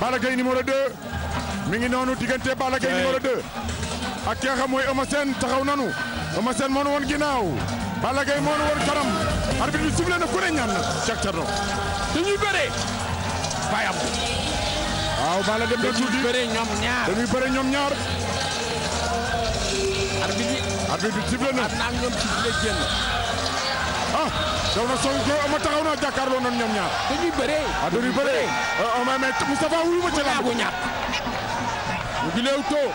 Balla Gaye numéro 2 mi ngi noonu diggante Balla Gaye numéro 2 ak ki nga taxaw nanu Eumeu Sène moo nu woon ginnaaw Balla Gaye moo nu woon kanam arbitre bi sifflé ñaan na Cheikh Thierno dañuy bëree bàyyi am waaw Balla dem na tuuti dañuy bëree ñoom ñaar dañuy bëree ñoom ñaar arbitre bi arbitre bi sifflé ñoom sifflé génn ah Thierno Sow Dieng Ama taxaw na jàkkaarloo noonu ñoom ñaar. dañuy bëree. ah dañuy bëree Ama euh, mais Moustapha wuyu ma ca làmb bu ñàkk. ñu ngi leew too.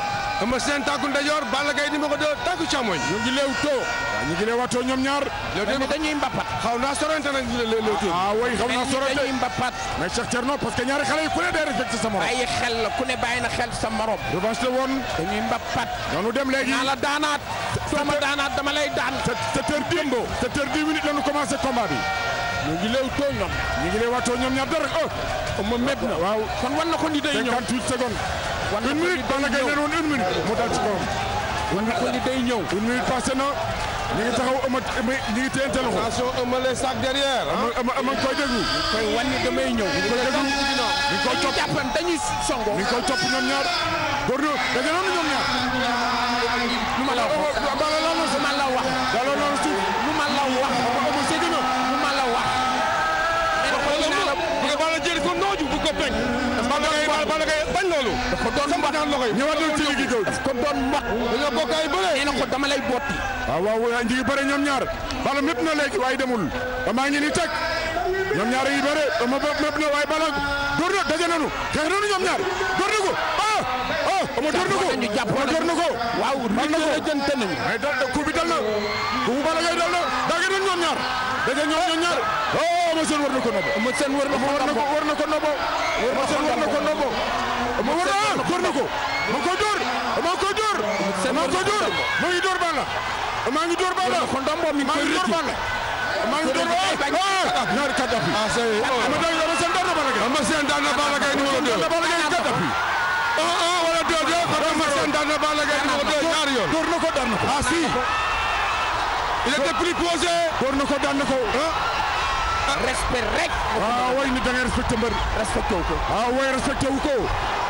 Eumeu Sène tàkku ndeyjoor Balla Gaye ni ma ko doon tàkku càmmoñ. ñu ngi leew too. waaw ñu ngi leew waatoo ñoom ñaar. léeg-léeg xaw naa sorante nag ñu ne leew too. Ah, xaw naa sorante dañuy mbapat. mais Cheikh yi sa morom. bàyyi xel la ku na xel sa morom. revanche la woon. dañuy mbapat. noonu dem léegi naa la daanaat ma daanaat dama lay daan. sept heures dix minutes sept heures dix minutes la ñu commencé combat bi. ñu ngi léew too ñoom. ñu ngi léew waatoo ñoom ñaar dara oh. ma méb na waaw kon wan na ko ni day ñëw 58 secondes. wan ko ni day ñëw une minute Balla Gaye leen woon une minute mu dal ci kawam. ko ni day ñëw. une minute passé na. ñu ngi taxaw ëmma ñu ngi koy déglu. koy wan ni damay ñëw. koy déglu ñu dañuy jàppante dañuy songo. koy topp ñoom ñaar góor ñoom noonu ñoom ñaar. ko teg. Balla Gaye bañ loolu. dafa doon mbax ñëwatul ci ligi góor dafa doon mbax. dañoo bokk ay bëre. nee na ko dama lay botti. waaw waaw ñu ngi bëre ñoom ñaar Balla mépp na léegi waaye demul damaa ngi ni teg ñoom ñaar yi bëre dama mépp na waaye Balla dóor na daje nañu xeex nañu ñoom ñaar dóor na ko ah ah ama dóor na ko ama dóor na ko waaw dal na ko mais dal na coup bi dal na coup Balla Gaye dal na daje nañu ñoom ñaar daje ñoom ñaar oh ama seen war na ko nopp ama seen war na ko war na ko war na ko nopp ko moo ko dóor moo ko dóor moo ko dóor moo ngi dóor Balla maa ngi dóor Balla maa ngi dóor Balla maa ngi dóor Balla ñaari kadafi ah, ah ça y est ama dañ la sen daan na Balla Gaye ama sen ah, ah, daan na Balla Gaye numéro 2 Balla Gaye kadafi ah ah wala dóor dóor ko ama sen daan na Balla Gaye numéro 2 ñaari yoon dóor na ko daan na ko ah si il était plus posé dóor na ko daan na ko respect rek ah way ni da nga respecté mbër respecté wu ko ah way respecté wu ko